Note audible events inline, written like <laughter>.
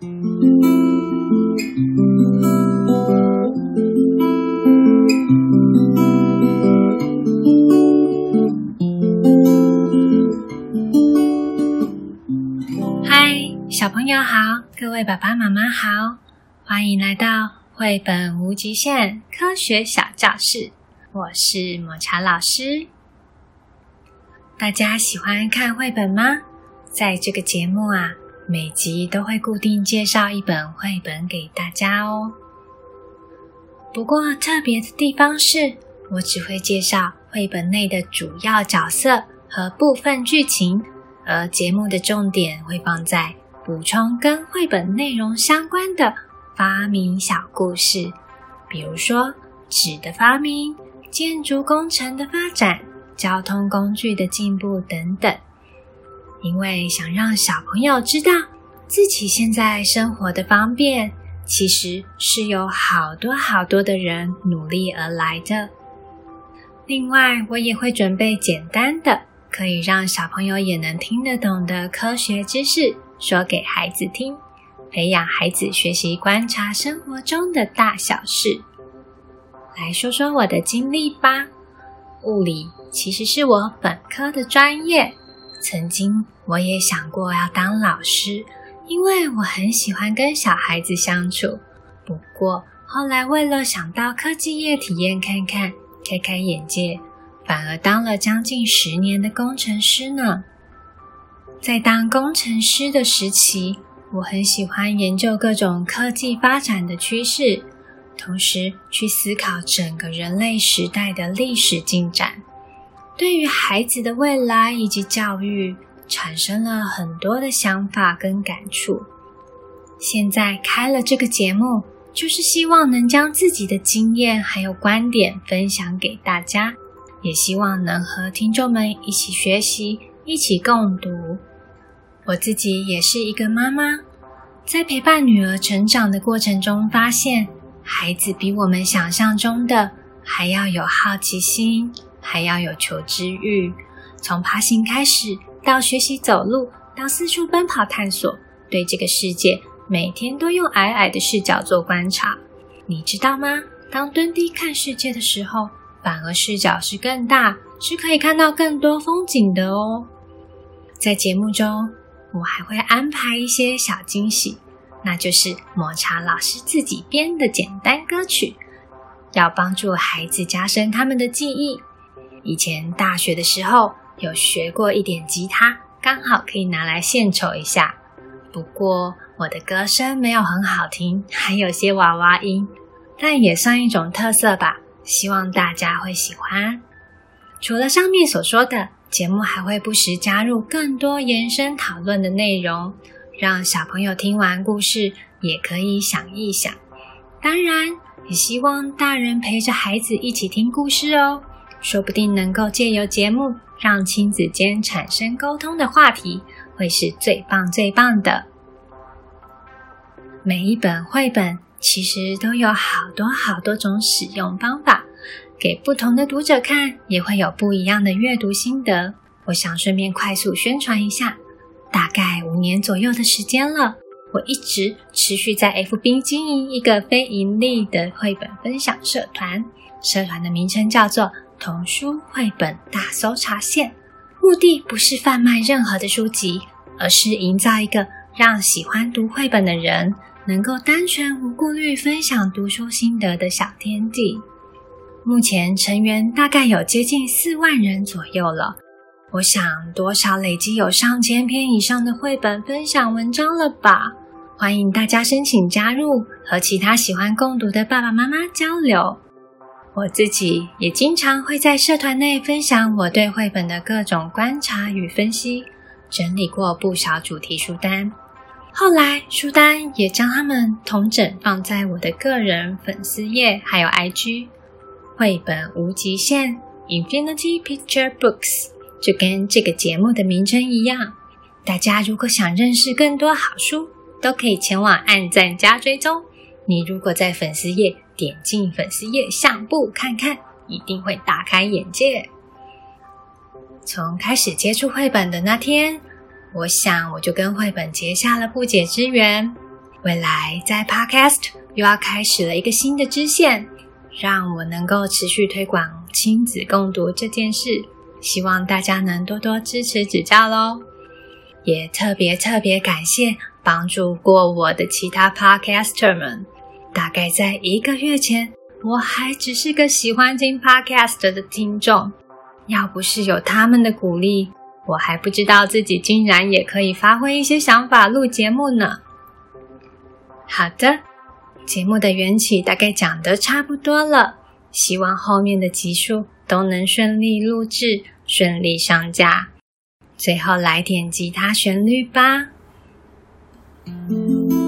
嗨， <music> Hi, 小朋友好，各位爸爸媽媽好，歡迎來到繪本無極限科學小教室，我是抹茶老師。大家喜歡看繪本嗎？在這個節目啊，每集都會固定介紹一本繪本給大家哦。不過特別的地方是我只會介紹繪本內的主要角色和部分劇情，而節目的重點會放在補充跟繪本內容相關的發明小故事，比如說紙的發明、建築工程的發展、交通工具的進步等等。因為想讓小朋友知道自己現在生活的方便，其實是有好多好多的人努力而來的。另外，我也會準備簡單的，可以讓小朋友也能聽得懂的科學知識，說給孩子聽，培養孩子學習觀察生活中的大小事。來說說我的經歷吧，物理其實是我本科的專業。曾經我也想過要當老師，因為我很喜歡跟小孩子相處。不過後來為了想到科技業體驗看看，開開眼界，反而當了將近十年的工程師呢。在當工程師的時期，我很喜歡研究各種科技發展的趨勢，同時去思考整個人類時代的歷史進展。對於孩子的未來以及教育，產生了很多的想法跟感觸。現在開了這個節目，就是希望能將自己的經驗還有觀點分享給大家，也希望能和聽眾們一起學習，一起共讀。我自己也是一個媽媽，在陪伴女兒成長的過程中，發現孩子比我們想象中的還要有好奇心。還要有求知欲，從爬行開始，到學習走路，到四處奔跑探索，對這個世界每天都用矮矮的視角做觀察。你知道嗎？當蹲低看世界的時候，反而視角是更大，是可以看到更多風景的哦。在節目中，我還會安排一些小驚喜，那就是抹茶老師自己編的簡單歌曲，要幫助孩子加深他們的記憶。以前大學的時候有學過一點吉他，剛好可以拿來獻醜一下。不過我的歌聲沒有很好聽，還有些娃娃音，但也算一種特色吧。希望大家會喜歡。除了上面所說的，節目還會不時加入更多延伸討論的內容，讓小朋友聽完故事也可以想一想。當然，也希望大人陪着孩子一起聽故事哦。說不定能夠借由節目，讓親子間產生溝通的話題，會是最棒最棒的。每一本繪本其實都有好多好多種使用方法，給不同的讀者看，也會有不一樣的閱讀心得。我想順便快速宣傳一下，大概五年左右的時間了，我一直持續在 FB 經營一個非盈利的繪本分享社團，社團的名稱叫做。童書繪本大搜查線，目的不是販賣任何的書籍，而是營造一個讓喜歡讀繪本的人能夠單純無顧慮分享讀書心得的小天地。目前成員大概有接近四萬人左右了，我想多少累積有上千篇以上的繪本分享文章了吧？歡迎大家申請加入，和其他喜歡共讀的爸爸媽媽交流。我自己也經常會在社團內分享我對繪本的各種觀察與分析，整理過不少主題書單。後來書單也將它們統整放在我的個人粉絲頁，還有 IG“ 繪本無極限 ”（Infinity Picture Books），就跟這個節目的名稱一樣。大家如果想認識更多好書，都可以前往按讚加追蹤。你如果在粉絲頁，點進粉絲頁相簿看看，一定會大開眼界。從開始接觸繪本的那天，我想我就跟繪本結下了不解之緣。未來在 Podcast 又要開始了一個新的支線，讓我能夠持續推廣親子共讀這件事。希望大家能多多支持指教咯。也特別特別感謝幫助過我的其他 Podcaster 們。大概在一個月前，我還只是個喜歡聽 Podcast 的聽眾。要不是有他們的鼓勵，我還不知道自己竟然也可以發揮一些想法錄節目呢。好的，節目的緣起大概講得差不多了，希望後面的集數都能順利錄製、順利上架。最後來點吉他旋律吧。嗯